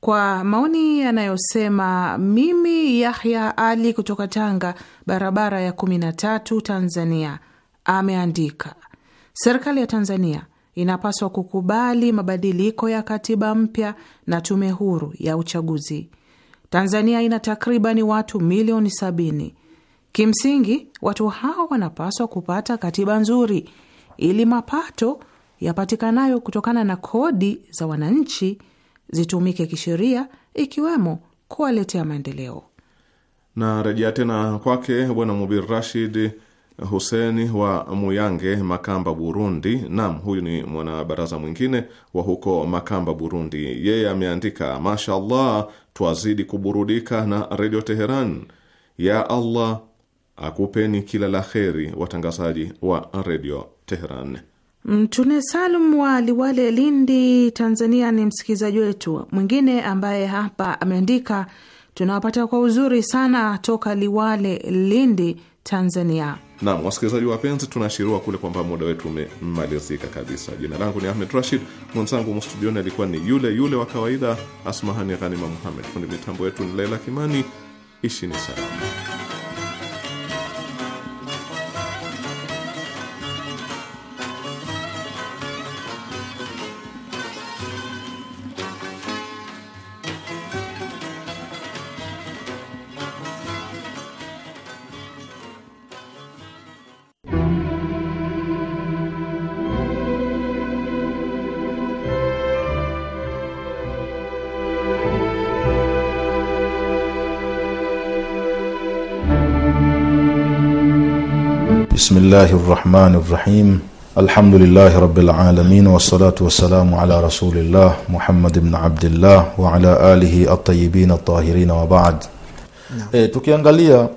kwa maoni yanayosema mimi Yahya Ali kutoka Tanga, barabara ya kumi na tatu, Tanzania, ameandika serikali ya Tanzania inapaswa kukubali mabadiliko ya katiba mpya na tume huru ya uchaguzi. Tanzania ina takribani watu milioni sabini. Kimsingi, watu hao wanapaswa kupata katiba nzuri ili mapato yapatikanayo kutokana na kodi za wananchi zitumike kisheria, ikiwemo kuwaletea maendeleo. Na rejea tena kwake Bwana Mubir Rashid Huseni wa Muyange, Makamba, Burundi. Naam, huyu ni mwanabaraza mwingine wa huko Makamba, Burundi. Yeye ameandika, mashallah, twazidi kuburudika na Redio Teheran. Ya Allah, akupeni kila la heri, watangazaji wa redio Teheran. Mtune Salum wa Liwale, Lindi, Tanzania ni msikilizaji wetu mwingine ambaye hapa ameandika, tunawapata kwa uzuri sana toka Liwale, Lindi, Tanzania. Naam, wasikilizaji wapenzi, tunaashiriwa kule kwamba muda wetu umemalizika kabisa. Jina langu ni Ahmed Rashid, mwenzangu mstudioni alikuwa ni yule yule wa kawaida Asmahani Ghanima Muhamed, fundi mitambo yetu ni Laila Kimani. Ishini salama. بسم الله الرحمن الرحيم الحمد لله رب العالمين والصلاة والسلام على رسول الله محمد بن عبد الله وعلى آله الطيبين الطاهرين وبعد tukiangalia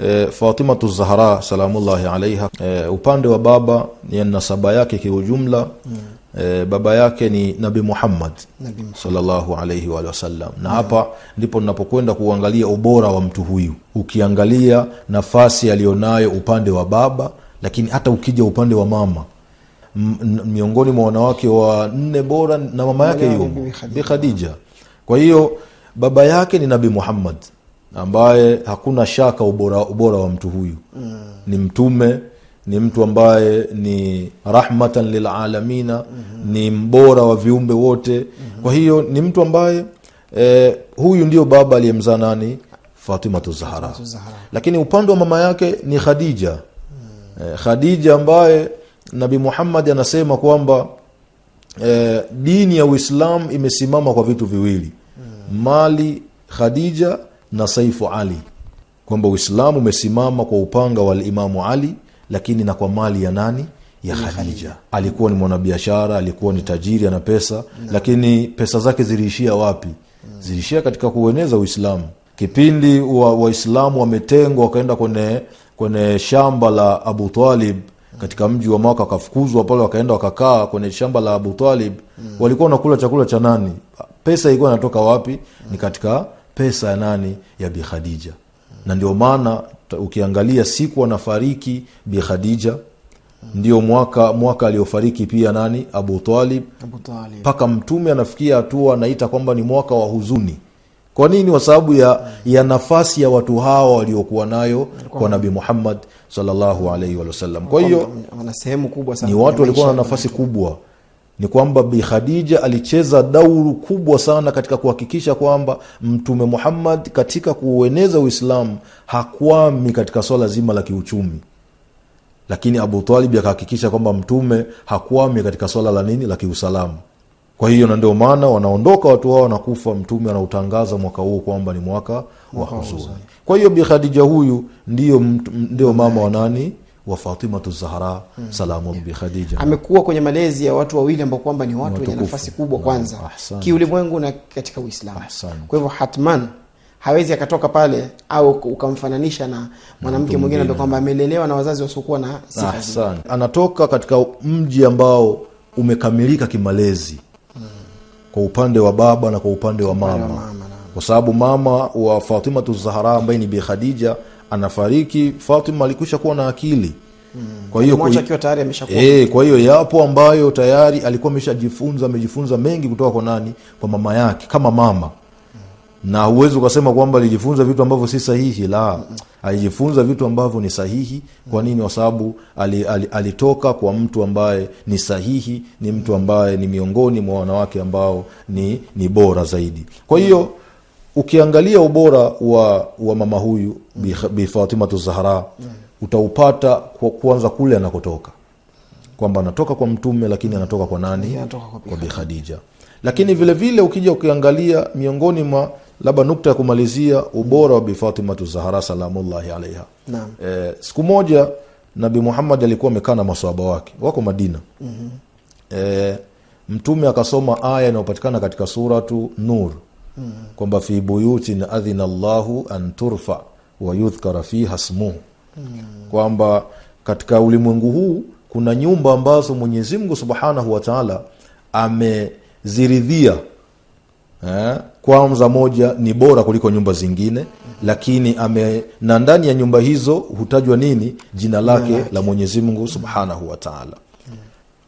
eh, fatimatu zahra salamullahi alaiha eh, upande wa baba ni nasaba yake kiujumla hmm. E, baba yake ni nabi muhammad, nabi sallallahu alaihi na hapa ndipo ninapokwenda kuangalia ubora wa mtu huyu ukiangalia nafasi aliyonayo upande wa baba lakini hata ukija upande wa mama miongoni mwa wanawake wa nne bora na mama yake yumo bi khadija kwa hiyo baba yake ni nabi muhammad ambaye hakuna shaka ubora, ubora wa mtu huyu mm. ni mtume ni mtu ambaye ni rahmatan lilalamina mm -hmm. ni mbora wa viumbe wote mm -hmm. kwa hiyo ni mtu ambaye e, huyu ndio baba aliyemzaa nani fatimatu zahara lakini upande wa mama yake ni khadija e, khadija ambaye nabi muhammadi anasema kwamba e, dini ya uislam imesimama kwa vitu viwili mm. mali khadija na saifu ali kwamba uislamu umesimama kwa upanga wa limamu ali mm lakini na kwa mali ya nani ya Khadija. Alikuwa ni mwanabiashara, alikuwa ni tajiri, ana pesa Lakini pesa zake ziliishia wapi? Mm. Ziliishia katika kueneza Uislamu. Kipindi Waislamu wa wametengwa wakaenda kwenye kwenye shamba la Abu Talib katika mm. mji wa Maka wakafukuzwa pale, wakaenda wakakaa kwenye shamba la Abu Talib mm. walikuwa wanakula chakula cha nani? Pesa ilikuwa inatoka wapi? mm. Ni katika pesa ya nani? Ya bikhadija na ndio maana ukiangalia siku anafariki bi Khadija ndio mwaka mwaka aliofariki pia nani Abu Talib mpaka mtume anafikia hatua anaita kwamba ni mwaka wa huzuni kwa nini kwa sababu ya, ya nafasi ya watu hawa waliokuwa nayo kwa nabi muhammad sallallahu alaihi wasallam kwa hiyo ni watu walikuwa na nafasi kubwa ni kwamba Bi Khadija alicheza dauru kubwa sana katika kuhakikisha kwamba Mtume Muhammad katika kuueneza Uislamu hakwami katika swala zima la kiuchumi, lakini Abu akahakikisha kwamba Mtume hakwami katika swala la nini la kiusalamu Kwa hiyo na ndio maana wanaondoka watu hao wanakufa, Mtume anautangaza mwaka huo kwamba ni mwaka wa huzuni. Kwa hiyo Bi Khadija huyu ndio mama wa nani wa Fatimatu Zahra hmm. salamu yeah. bikhadija Amekuwa kwenye malezi ya watu wawili ambao kwamba ni watu wenye nafasi kubwa, kwanza kiulimwengu na katika Uislamu. Kwa hivyo hatman hawezi akatoka pale au ukamfananisha na mwanamke mwingine ambaye kwamba amelelewa na wazazi wasiokuwa na sifa. Anatoka katika mji ambao umekamilika kimalezi hmm. kwa upande wa baba na kwa upande wa mama, kwa sababu mama wa Fatimatu Zahra ambaye ni bi Khadija anafariki Fatima alikwisha kuwa na akili mm. kwa hiyo e, yapo ambayo tayari alikuwa ameshajifunza amejifunza mengi kutoka kwa nani kwa mama yake kama mama hmm. na huwezi ukasema kwamba alijifunza vitu ambavyo si sahihi la mm alijifunza vitu ambavyo ni sahihi hmm. kwa nini kwa sababu alitoka kwa mtu ambaye ni sahihi ni mtu ambaye ni miongoni mwa wanawake ambao ni ni bora zaidi kwa hiyo hmm ukiangalia ubora wa, wa mama huyu mm. Bi Zahra utaupata kwa kuanza kule anakotoka kwamba anatoka kwa mtume lakini anatoka kwa nani? kwa, bikhadija Lakini vilevile vile vile ukija ukiangalia miongoni mwa labda nukta ya kumalizia ubora wa bifatimatu Fatimatu Zahra salamullahi alaiha e, siku moja Nabi Muhammad alikuwa amekaa na maswaba wake wako Madina mm -hmm. e, mtume akasoma aya inayopatikana katika Suratu Nur kwamba fi buyutin adhina llahu an turfa wa yudhkara fiha smuhu mm. kwamba katika ulimwengu huu kuna nyumba ambazo Mwenyezi Mungu Subhanahu wa Ta'ala ameziridhia eh, kwanza moja ni bora kuliko nyumba zingine mm. lakini ame, na ndani ya nyumba hizo hutajwa nini jina lake mm. la Mwenyezi Mungu Subhanahu wa Ta'ala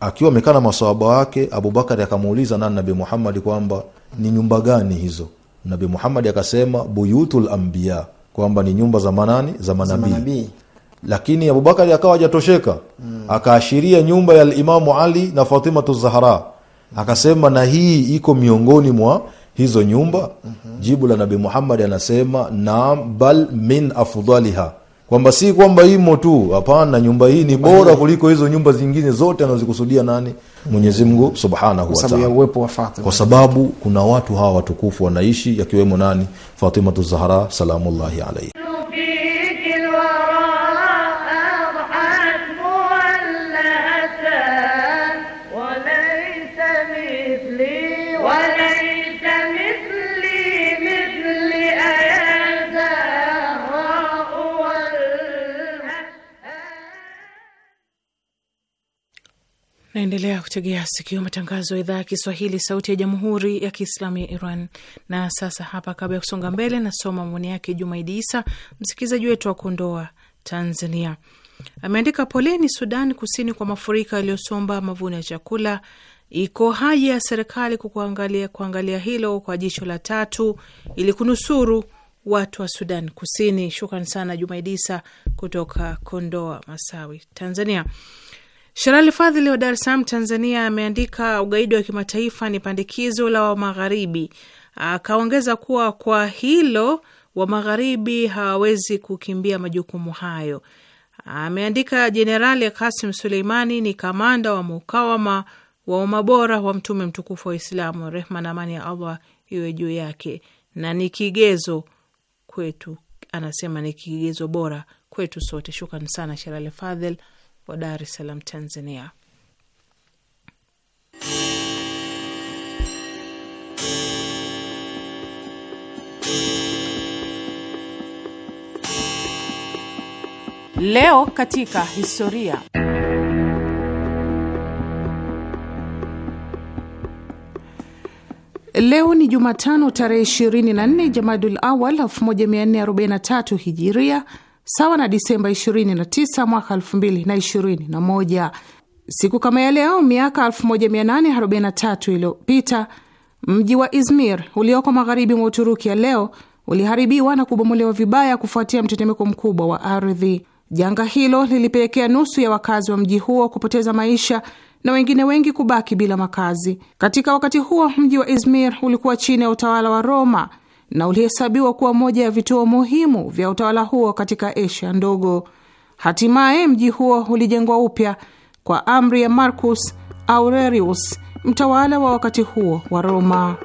akiwa amekaa na masoaba wake Abubakari akamuuliza nani nabi muhammadi kwamba ni nyumba gani hizo? nabi Muhammad akasema buyutul ambia kwamba ni nyumba za manani za manabii. Lakini Abubakari akawa ajatosheka mm. akaashiria nyumba ya limamu Ali na Fatimatu Zahra akasema na hii iko miongoni mwa hizo nyumba mm -hmm. Jibu la nabi muhammadi anasema naam, bal min afdaliha, kwamba si kwamba imo tu, hapana, nyumba hii ni bora kuliko hizo nyumba zingine zote anazikusudia nani mwenyezimgu Subhanahu wa kwa sababu kuna watu hawa watukufu wanaishi, yakiwemo nani? Fatimatu Zahra salamullahi alaihi Naendelea kutegea sikio matangazo ya idhaa ya Kiswahili, sauti ya jamhuri ya kiislamu ya Iran. Na sasa hapa, kabla ya kusonga mbele, nasoma maoni yake Jumaidi Isa, msikilizaji wetu wa Kondoa, Tanzania. Ameandika, poleni Sudan Kusini kwa mafuriko yaliyosomba mavuno ya chakula. Iko haja ya serikali kuangalia kuangalia hilo kwa jicho la tatu ili kunusuru watu wa Sudan Kusini. Shukran sana Jumaidi Isa kutoka Kondoa Masawi, Tanzania. Sherali Fadhili wa Dar es Salaam, Tanzania, ameandika ugaidi wa kimataifa ni pandikizo la Wamagharibi. Akaongeza kuwa kwa hilo Wamagharibi hawawezi kukimbia majukumu hayo. Ameandika Jenerali Kasim Suleimani ni kamanda wa mukawama wa umabora wa Mtume mtukufu wa Uislamu, rehma na amani ya Allah iwe juu yake, na ni kigezo kwetu. Anasema ni kigezo bora kwetu sote. Shukran sana Sherali Fadhili wa Dar es Salaam, Tanzania. Leo katika historia. Leo ni Jumatano tarehe 24 Jamadul Awal 1443 Hijiria sawa na Disemba 29 mwaka 2021. Siku kama ya leo miaka 1843 iliyopita mji wa Izmir ulioko magharibi mwa Uturuki ya leo uliharibiwa na kubomolewa vibaya kufuatia mtetemeko mkubwa wa ardhi. Janga hilo lilipelekea nusu ya wakazi wa mji huo kupoteza maisha na wengine wengi kubaki bila makazi. Katika wakati huo mji wa Izmir ulikuwa chini ya utawala wa Roma na ulihesabiwa kuwa moja ya vituo muhimu vya utawala huo katika Asia ndogo. Hatimaye mji huo ulijengwa upya kwa amri ya Marcus Aurelius, mtawala wa wakati huo wa Roma.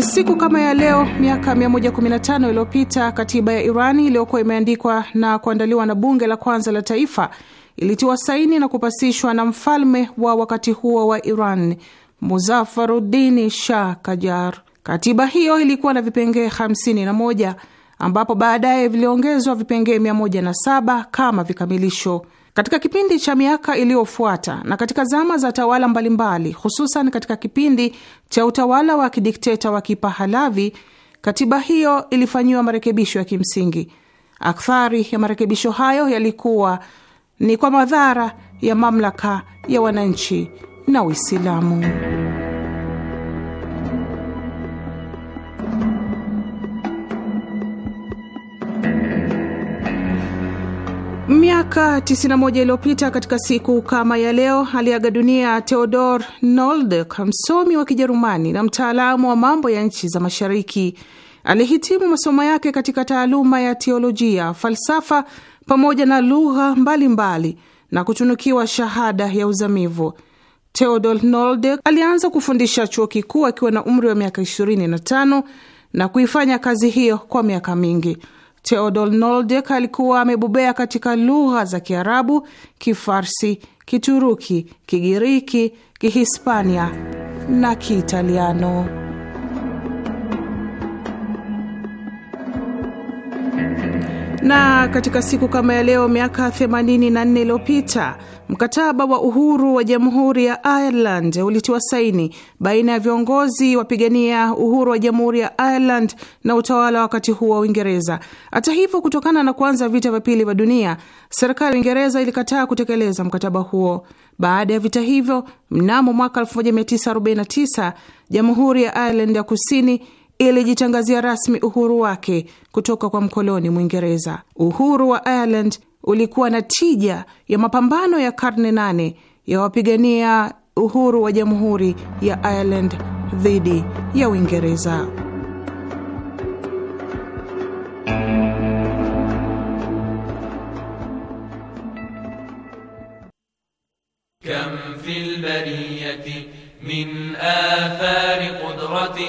Siku kama ya leo miaka 115 iliyopita, katiba ya Irani iliyokuwa imeandikwa na kuandaliwa na bunge la kwanza la taifa ilitiwa saini na kupasishwa na mfalme wa wakati huo wa Iran Muzafarudini Shah Kajar. Katiba hiyo ilikuwa na vipengee 51 ambapo baadaye viliongezwa vipengee 107 kama vikamilisho. Katika kipindi cha miaka iliyofuata na katika zama za tawala mbalimbali, hususan katika kipindi cha utawala wa kidikteta wa Kipahalavi, katiba hiyo ilifanyiwa marekebisho ya kimsingi. Akthari ya marekebisho hayo yalikuwa ni kwa madhara ya mamlaka ya wananchi na Uislamu. Miaka 91 iliyopita katika siku kama ya leo aliaga dunia Theodor Noldek, msomi wa Kijerumani na mtaalamu wa mambo ya nchi za Mashariki. Alihitimu masomo yake katika taaluma ya teolojia, falsafa pamoja na lugha mbalimbali na kutunukiwa shahada ya uzamivu. Theodor Noldek alianza kufundisha chuo kikuu akiwa na umri wa miaka 25 na kuifanya kazi hiyo kwa miaka mingi. Theodor Noldek alikuwa amebobea katika lugha za Kiarabu, Kifarsi, Kituruki, Kigiriki, Kihispania na Kiitaliano. Na katika siku kama ya leo miaka 84 iliyopita mkataba wa uhuru wa jamhuri ya Ireland ulitiwa saini baina ya viongozi wapigania uhuru wa jamhuri ya Ireland na utawala wakati huo wa Uingereza. Hata hivyo, kutokana na kuanza vita vya pili vya dunia, serikali ya Uingereza ilikataa kutekeleza mkataba huo. Baada ya vita hivyo, mnamo mwaka 1949 jamhuri ya Ireland ya kusini ilijitangazia rasmi uhuru wake kutoka kwa mkoloni Mwingereza. Uhuru wa Ireland ulikuwa na tija ya mapambano ya karne nane ya wapigania uhuru wa jamhuri ya Ireland dhidi ya Uingereza. Kam fil bariyati min athari qudrati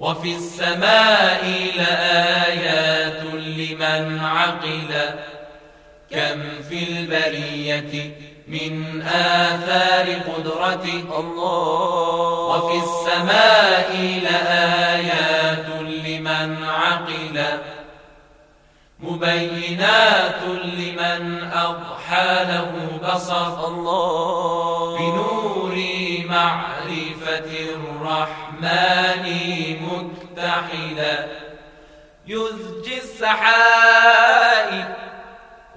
وفي السماء لآيات لمن عقل كم في البرية من آثار قدرته الله وفي السماء لآيات لمن عقل مبينات لمن أضحى له بصر الله بنور معه الرحمن مكتحلا يزجي السحائب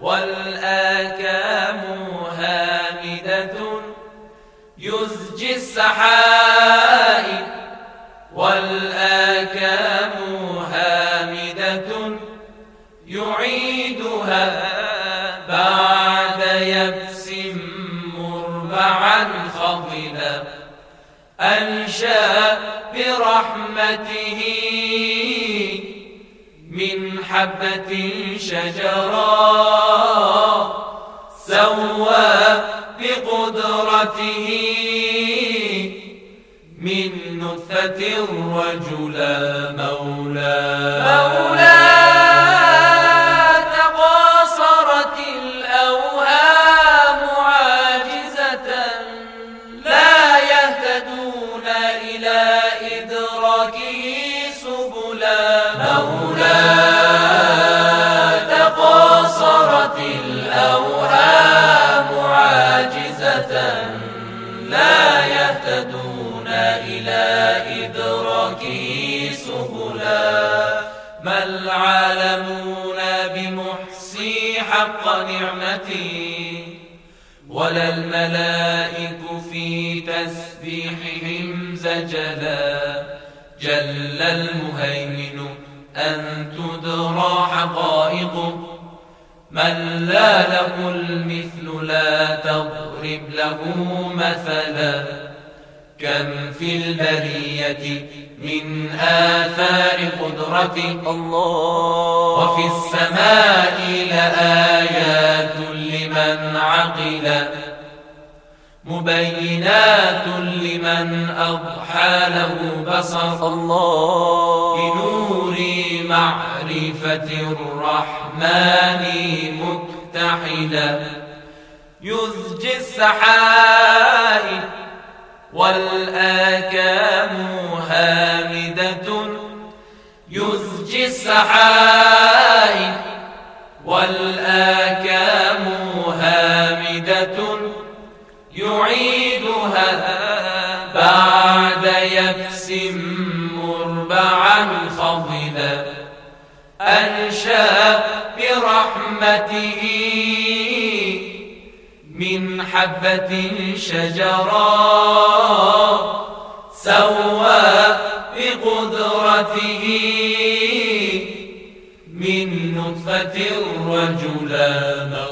والآكام هامدة يزجي السحائب والآكام هامدة يعيدها بعد يبس مربعا خضلا أنشأ برحمته من حبة شجرة سوى بقدرته من نطفة رجلا مولا, مولا رحمتي ولا الملائك في تسبيحهم زجلا جل المهيمن أن تدرى حقائقه من لا له المثل لا تضرب له مثلا كم في البرية من آثار قدرته الله وفي السماء لآيات لمن عقل مبينات لمن أضحى له بصر الله بنور معرفة الرحمن مكتحلا يزجي السحائب والآكام هامدة يزجي السحائب والآكام هامدة يعيدها بعد يبس مربعا خضلا أنشأ برحمته حبة شجرا سوى بقدرته من نطفة الرجل موت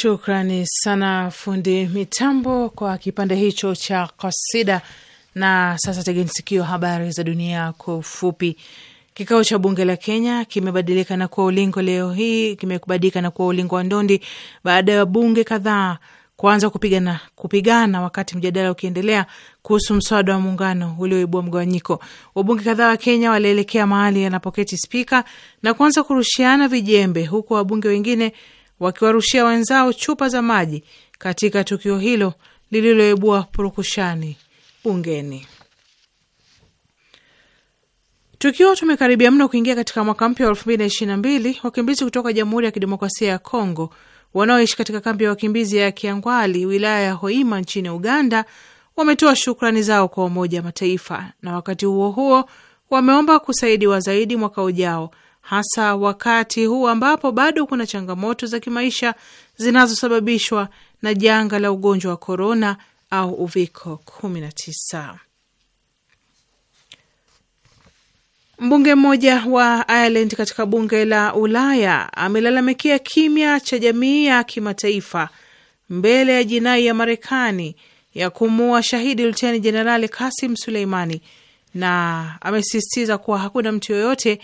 Shukrani sana fundi mitambo kwa kipande hicho cha kasida. Na sasa tegeni sikio, habari za dunia kwa ufupi. Kikao cha bunge la Kenya kimebadilika na kuwa ulingo leo hii, kimebadilika na kuwa ulingo wa ndondi baada ya bunge kadhaa kuanza kupigana kupigana wakati mjadala ukiendelea kuhusu mswada wa muungano ulioibua mgawanyiko. Wabunge kadhaa wa Kenya walielekea mahali yanapoketi spika na kuanza kurushiana vijembe, huku wabunge wengine wakiwarushia wenzao chupa za maji katika tukio hilo lililoibua purukushani bungeni. Tukiwa tumekaribia mno kuingia katika mwaka mpya wa elfu mbili na ishirini na mbili, wakimbizi kutoka Jamhuri ya Kidemokrasia ya Kongo wanaoishi katika kambi ya wakimbizi ya Kiangwali, wilaya ya Hoima nchini Uganda, wametoa shukrani zao kwa Umoja Mataifa na wakati huo huo wameomba kusaidiwa zaidi mwaka ujao hasa wakati huu ambapo bado kuna changamoto za kimaisha zinazosababishwa na janga la ugonjwa wa korona au uviko 19. Mbunge mmoja wa Ireland katika bunge la Ulaya amelalamikia kimya cha jamii ya kimataifa mbele ya jinai ya Marekani ya kumuua shahidi Luteni Jenerali Kasim Suleimani, na amesisitiza kuwa hakuna mtu yoyote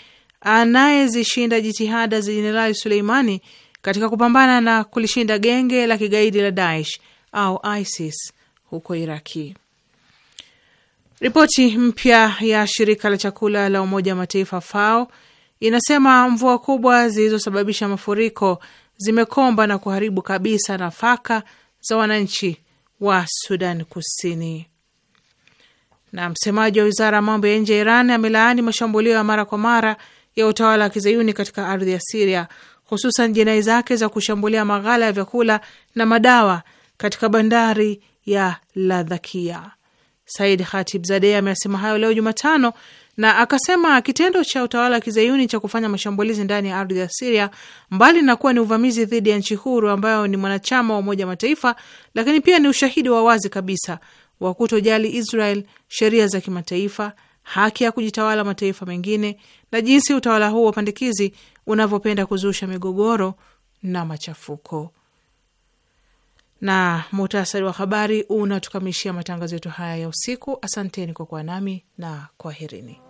anayezishinda jitihada za Jenerali Suleimani katika kupambana na kulishinda genge la kigaidi la Daesh au ISIS huko Iraki. Ripoti mpya ya shirika la chakula la Umoja wa Mataifa FAO inasema mvua kubwa zilizosababisha mafuriko zimekomba na kuharibu kabisa nafaka za wananchi wa Sudan Kusini. Na msemaji wa wizara ya mambo ya nje ya Iran amelaani mashambulio ya mara kwa mara ya utawala wa kizayuni katika ardhi ya Siria, hususan jinai zake za kushambulia maghala ya vyakula na madawa katika bandari ya Ladhakia. Said Khatibzadeh amesema hayo leo Jumatano na akasema kitendo cha utawala wa kizayuni cha kufanya mashambulizi ndani ya ardhi ya Siria, mbali na kuwa ni uvamizi dhidi ya nchi huru ambayo ni mwanachama wa Umoja Mataifa, lakini pia ni ushahidi wa wazi kabisa wa kutojali Israel sheria za kimataifa haki ya kujitawala mataifa mengine na jinsi utawala huu wa upandikizi unavyopenda kuzusha migogoro na machafuko. Na muhtasari wa habari unatukamishia matangazo yetu haya ya usiku. Asanteni kwa kuwa nami na kwaherini.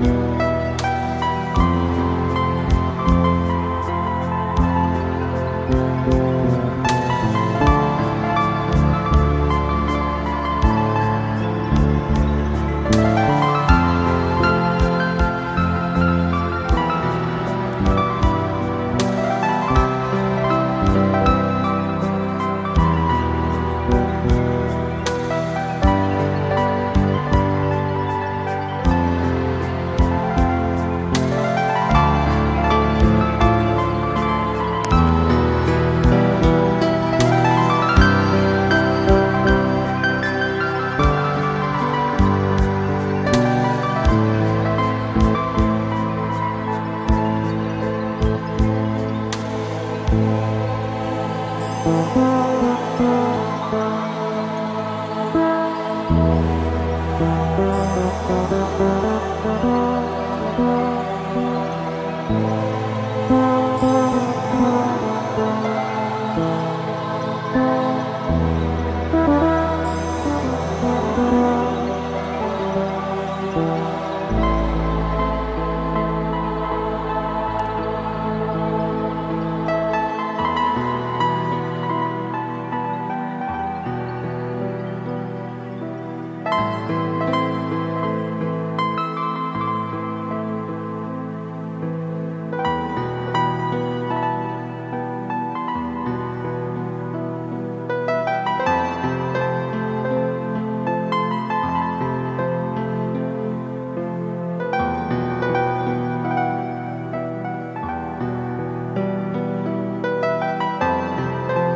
Thank you.